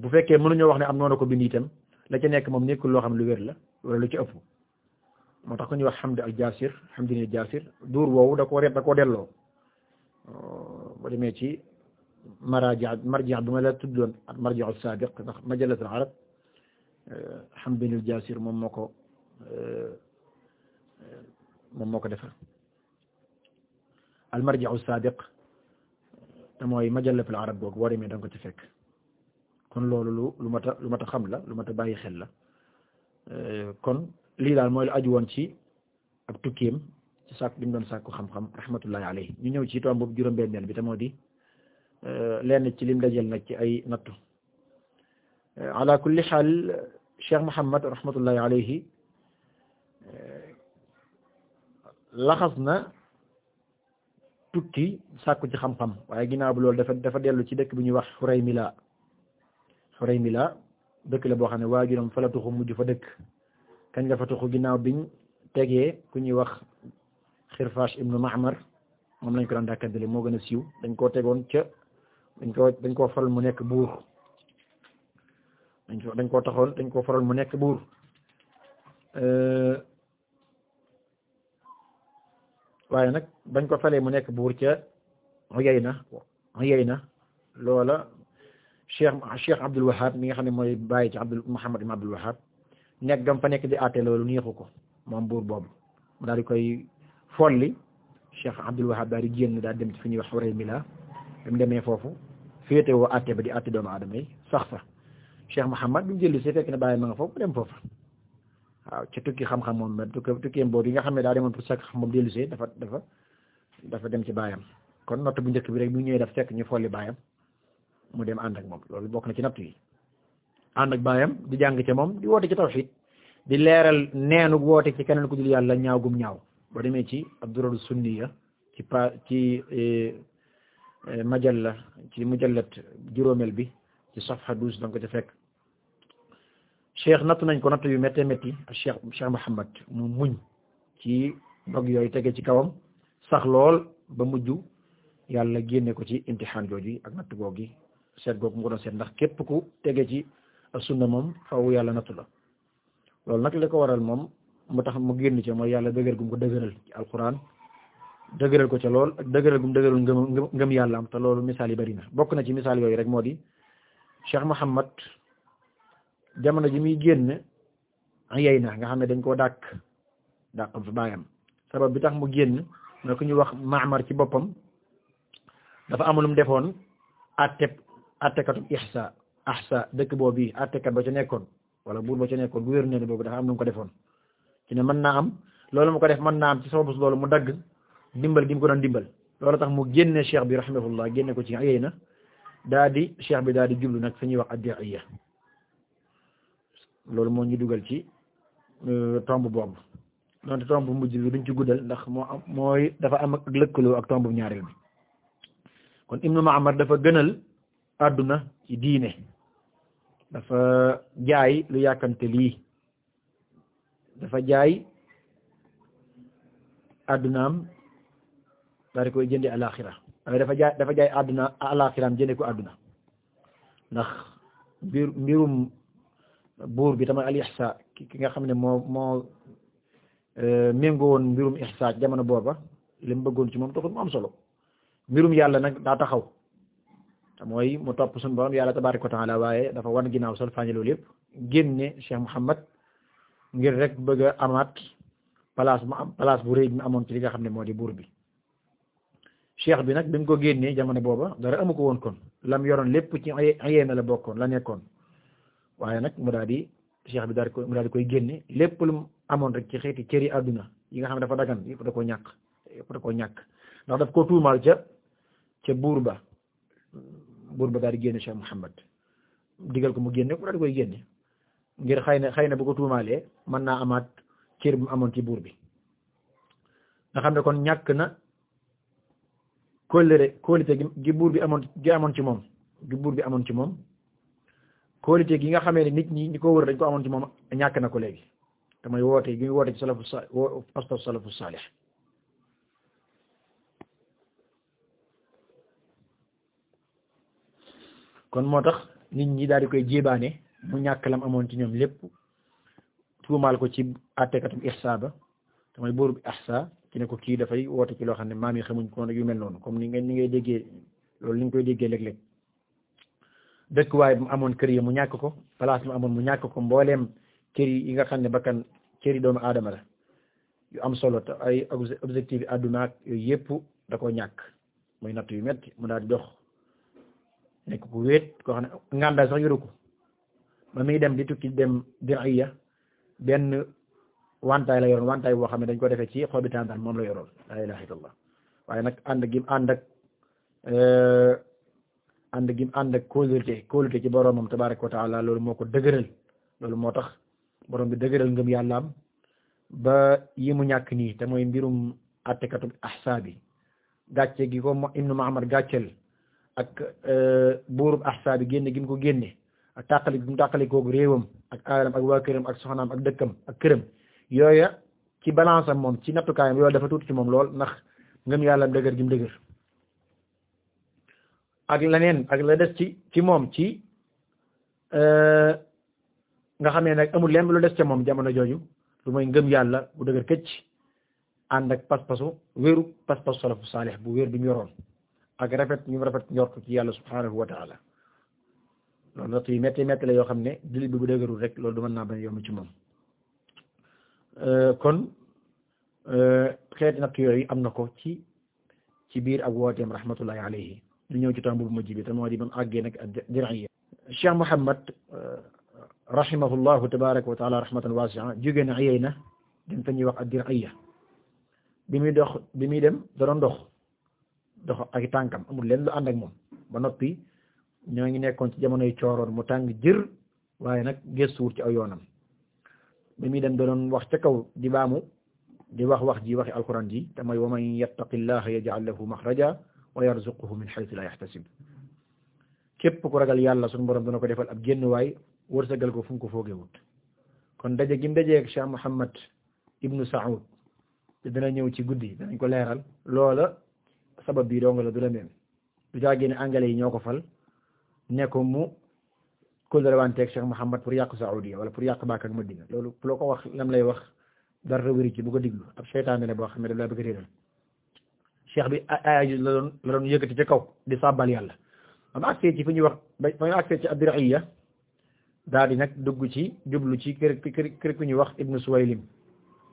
Speaker 2: bu fekkee mënuñoo wax ne am noonu ko bind itam la ca nekk moom nekkul loo xam lu wér la wala lu ci ëpp moo tax ko ñu wax xam al Jasir Hamd ni Jasir duur woowu da koo re da koo delloo ba demee ci maraji marji bi ma la tuddoon ak marji sabiq ndax majalat al arab Hamd al Jasir moom moo ko moom moo ko defar almarjiu sabiq te mooy majallatul arab googu boo demee da nga ko ci fekk kon loolu lu mat a lu mat a xam la lu mat a bàyyi xel la euh, kon lii daal mooy lu aju woon ci ab tukkiim ci sàkk bi doon sàkku xam-xam rahmatullahi alayhi ñu ñëw ci toom boobu juróom-benneel bi te di euh, lenn ci lim dajel nag ci ay nattu euh, ala kulli xaal Cheikh Mouhamed rahmatullahi alayhi laxas na tukki sàkku ci xam-xam waaye ginnaaw bi loolu dafa dafa dellu ci dëkk bi ñuy wax Xuraymila Xuraymila dëkk la boo xam ne waajuram fa la mujj fa dëkk kañ la fa tuxu ginnaaw biñ tegee ku ñuy wax Xirfaas ibnu Ma'mar moom lañ ko daan dàkkantele moo gën a siiw dañ koo tegoon ca dañ ko dañ koo faral mu nekk buur dañ ko koo taxoon dañ koo faral mu nekk buur euh, waaye nag bañ ko falee mu nekk buur ca Uyayna Uyayna loola cheikh cheikh Abdul Wahhab mi nga xam ne mooy bàyyi ci Abdul Muhammad ibn Abdul Wahhab nekk gam fa nekk di àtte ko moom buur boobu mu daal di koy folli cheikh Abdul Wahhab daal di génn daal dem ci fi ñuy wax waray mila bi deme demee foofu féete woo àtte ba di àtte doomu aadama yi sax fa cheikh Muhammad mu jëlli si fekk ne bàyyi ma foofu mu dem foofa waaw ci tukki xam-xam moom ba tukki boobu yi nga xam ne daa demoon pour sàkk xam moom dellusee dafa dafa dafa dem ci baayam kon natt bu njëkk bi rek bu ñëwee daf fekk ñu folli baayam mu dem ànd ak moom loolu bokk na ci natt yi ànd ak baayam di jàng ca moom di woote ci tawhid di leeral neenu woote ci keneen ku dul yàlla ñaaw gum ñaaw ba demee ci abduradu sunniya ci pa ci e, e, majalla ci mujallat juróomeel bi ci safha douze danga ko ca fekk cheikh natt nañ ko natt yu méttee métti cheikh cheikh Mouhamed mu muñ ci dog yooyu tege ci kawam sax lool ba mujj yàlla génne ko ci imtixaan jooju ak natt googu gi seet googu mu ko doon seet ndax képp ku tege ci sunna moom faaw yàlla nattu la loolu nag li ko waral moom mu tax mu génn ci mooy yàlla dëgër gum ko dëgëral ci alquran dëgëral ko ca lool ak dëgëral gum dëgëral ngëm ngëm yàlla am te loolu misaal yi bari na bokk na ci misaal yooyu rek moo di cheikh jamono ji muy génn yey na nga xam ne dañ koo dàq dàq bu baayam sabab bi tax mu génn mooy ku ñu wax Ma'mar ci boppam dafa am lu mu defoon àtte àttekatu ihsa ahsa dëkk boobu àttekat ba ca nekkoon wala buur ba ca nekkoon gouverneur boobu dafa am lu ko defoon ci ne mën naa am loolu mu ko def mën naa am ci sababu loolu mu dagg dimbal gi mu ko doon dimbal loolu tax mu génne cheikh bi rahimahullah génne ko ci yey na daa di cheikh bi daa di jublu nag fi ñuy wax addiya loolu moo ñu dugal ci euh, tomb boobu donte tomb mujj bi duñ ci guddal ndax moo am mooy dafa am ak lëkkaloo ak tomb ñaareel bi kon Ibnu Ma'mar dafa gënal àdduna ci diine dafa jaay lu yàkkamte lii dafa jaay addunaam daal di koy jëndi alaxira dafa jaay dafa jaay adduna alaxiraam jënde ko adduna ndax mbirum buur bi tamit al ihsa ki nga xam ne moo moo e, méngoo woon mbirum ihsa jamono booba li bëggoon ci moom taxul mu am solo mbirum yàlla nag daa taxaw te mooy mu topp suñu borom yàlla tabaaraka wa taala waaye dafa wan ginnaaw solo fàññi loolu yëpp génne Cheikh Mouhamed ngir rek bëgg a amaat place mu am place bu rëy bi mu amoon ci li nga xam ne moo di buur bi cheikh bi nag bi mu ko génnee jamono booba dara amu ko woon kon lam yoroon lépp ci ay la bokkoon la nekkoon. waaye nag mu daal di cheikh bi daal di koy mu génne lépp lu amoon rek ci xeeti cëri àdduna yi nga xam ne dafa dagan yëpp da koo ñàkk yëpp koo ñàkk ndax daf koo tuumaal ca ca buur ba buur ba daal di génne cheikh Mouhamed digal ko mu génne mu daal koy génne ngir xëy na xëy na bu ko tuumaalee mën naa amaat cër bu amoon ci buur bi nga xam ne kon ñàkk na kóllëre kóolite gi buur bi amoon gi amoon ci moom gi buur bi amoon ci moom kóolute gi nga xamee ne nit ñi ñi ko wër dañ ko amoon ci moom ñàkk na ko léegi damay woote gi muy woote ci salafu sa pastof salafu salih kon moo tax nit ñi daal di koy jébaane mu ñàkk lam amoon ci ñoom lépp tuumaal ko ci àttekatum ihsa ba damay bóorub ihsa ci ne ko kii dafay woote ci loo xam ne maam yi xamuñ ko yu mel noonu comme ni nga ni ngay déggee loolu ni nga koy déggee léeg-léeg dëkkuwaay bu mu amoon kër yi mu ñàkk ko place mu amoon mu ñàkk ko mbooleem kër yi nga xam ne bakkan kër doomu aadama la yu am solo te ay objectif yi àdduna ak yooyu yëpp da koo ñàkk muy natt yu metti mu daal di dox nekk ku wéet koo xam ne ngàndaay sax yoru ko ba muy dem di tukki dem diraya benn wantaay la yoroon wantaay boo xam ne dañ ko defee ci xobi tàntaan moom la la ilaha illallah waaye nag ànd gi ànd euh, ànd gi ànd ak kóolute kóolute ci boromam tabaaraka wa taala loolu moo ko dëgëral loolu moo tax borom bi dëgëral ngëm yàllaam ba yi mu ñàkk nii te mooy mbirum attekatu ahsaa bi gàcce gi ko ibnu Ma'mar gàccel ak e, buurub ahsaa génne gi mu ko génne ak tàqali gi mu tàqali kooku réewam ak aalam ak waa këram ak soxnaam ak dëkkam ak këram yooya ci balance am moom ci nattukaayam yooyu dafa tuuti ci moom lool ndax ngëm yàllaam dëgër gi mu dëgër ak leneen ak la des ci ci moom ci euh, nga xamee nag amul lenn lu des ca moom jamono jooju lu mooy ngëm yàlla bu dëgër këcc ànd ak pas-pasu wéeru pas-pasu salafu saalih bu wéer bi ñu yoroon ak rafet ñu rafet njortu ci yàlla subhanahu wa taala loolu natt yi métti la yoo xam ne dil bi bu dëgërul rek loolu du mën naa bañ yomb ci moom euh, kon euh, xeeti natt yooyu am na ko ci ci biir ak wooteem rahmatullahi alayhi di ñëw ci temps bu mujj bi te moo di man àggee nag dir'iyya Cheikh Mouhammad euh, rahimahullahu tabaraka wa taala rahmatan wasi'a jógee na Uyayna dem fa ñuy wax a diriyya bi muy dox bi muy dem da doon dox dox ak tànkam amul leen lu ànd ak moom ba noppi ñoo ngi nekkoon ci jamonoy cooroon mu tàng jër waaye nag gëstuwul ci aw yoonam bi muy dem da doon wax ca kaw di baamu di wax wax ji waxi alquran ji te mooy wa man yattaqillaha yaj'al lahu makhraja wa yarzuquhu min haythu la yahtasib képp ku ragal yàlla sunu borom dana ko defal ab génn waay wërsëgal ko fu mu ko foogewut kon daje gi mu dajeeg Cheikh Mouhamed ibnu Saoud te dana ñëw ci guddi danañ ko leeral loola sabab bii dong la du la mel du caa génne anglais yi ñoo ko fal ne ko mu kóllërewanteeg Cheikh Mouhamed pour yàq Saoudia wala pour yàq Makka ak Madina loolu loo ko wax lam lay wax dara wéri bu ko diglu ab seytaane la boo xam ne daf laa bëgg réeral cheikh bi aaya ji la doon la doon ca kaw di sabbal yàlla ba mu agsee ci fi ñuy wax ba mu agsee ci Addiraiya daal di nag dugg ci jublu ci kër kër ku ñuy wax Ibnu Suwaylim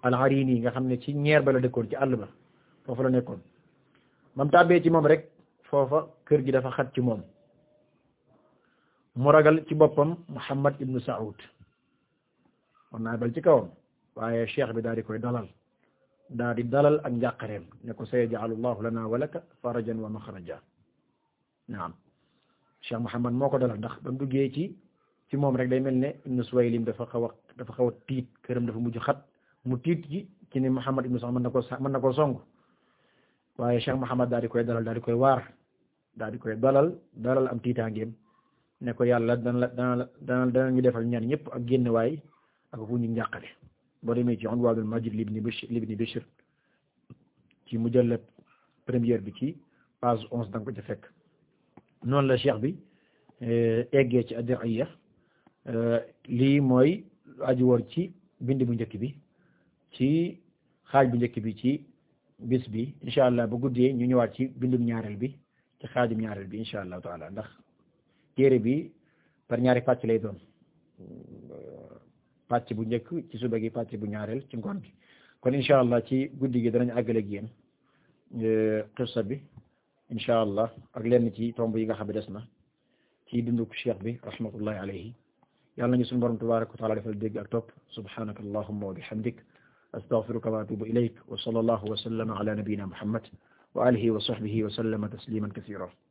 Speaker 2: al-Harini nga xam ne ci ñeer ba la dëkkoon ci àll ba foofu la nekkoon ba mu tàbbee moom rek foofa kër gi dafa xat ci moom mu ragal ci boppam Muhammad Ibnu Saoud mën naa bal ci kawam waaye cheikh bi daal koy dalal daa di dalal ak njàqareem ne ko sayaj'alu llahu lana wa laka farajan wa maxraja naam Cheikh Mouhamad moo ko dalal ndax ba du duggee ci ci moom rek day mel ne Ibnu Suwaylim dafa xaw a dafa xaw a tiit këram dafa mujj xat mu tiit gi ci ne Mouhamad ibnu Sax mën na ko na ko song waaye Cheikh Mouhamad daa di koy dalal daa di koy waar daa di koy dalal dalal am tiitaangeem ne ko yàlla dana la dana la dana ñu defal ñaan ñëpp ak génn waay ak fu ñu njàqare boo demee ci unwaanul majid libni Bishr libni Bishr ci mujallad première bi ci page onze da nga ko noonu la cheikh bi eh, eggee ci addiya eh, lii mooy aji woon ci bind bu njëkk bi ci xaaj bu njëkk bi ci bis bi incha allah ba guddee ñu ñëwaat ci bindum ñaareel bi ci xaajum ñaareel bi incha allahu taala ndax téere bi par ñaari pàcc lay doon pàcc bu njëkk ci suba gi pàcc bu ñaareel ci ngoon gi kon incha allah ci guddi gi danañ àggale ak yéen qissa e, bi incha allah ak lenn ci tomb yi nga xam ne des na ci dunduk cheikh bi rahmatullahi alayhi yàlla nañu suñu borom tabaraka wa taala defal dégg ak topp subhanaka allahumma wa bihamdik astaghfiruka wa atubu ilayk wa sallallahu wa sallama ala nabiyyina muhammad wa alihi wa sahbihi wa sallama tasliman kathira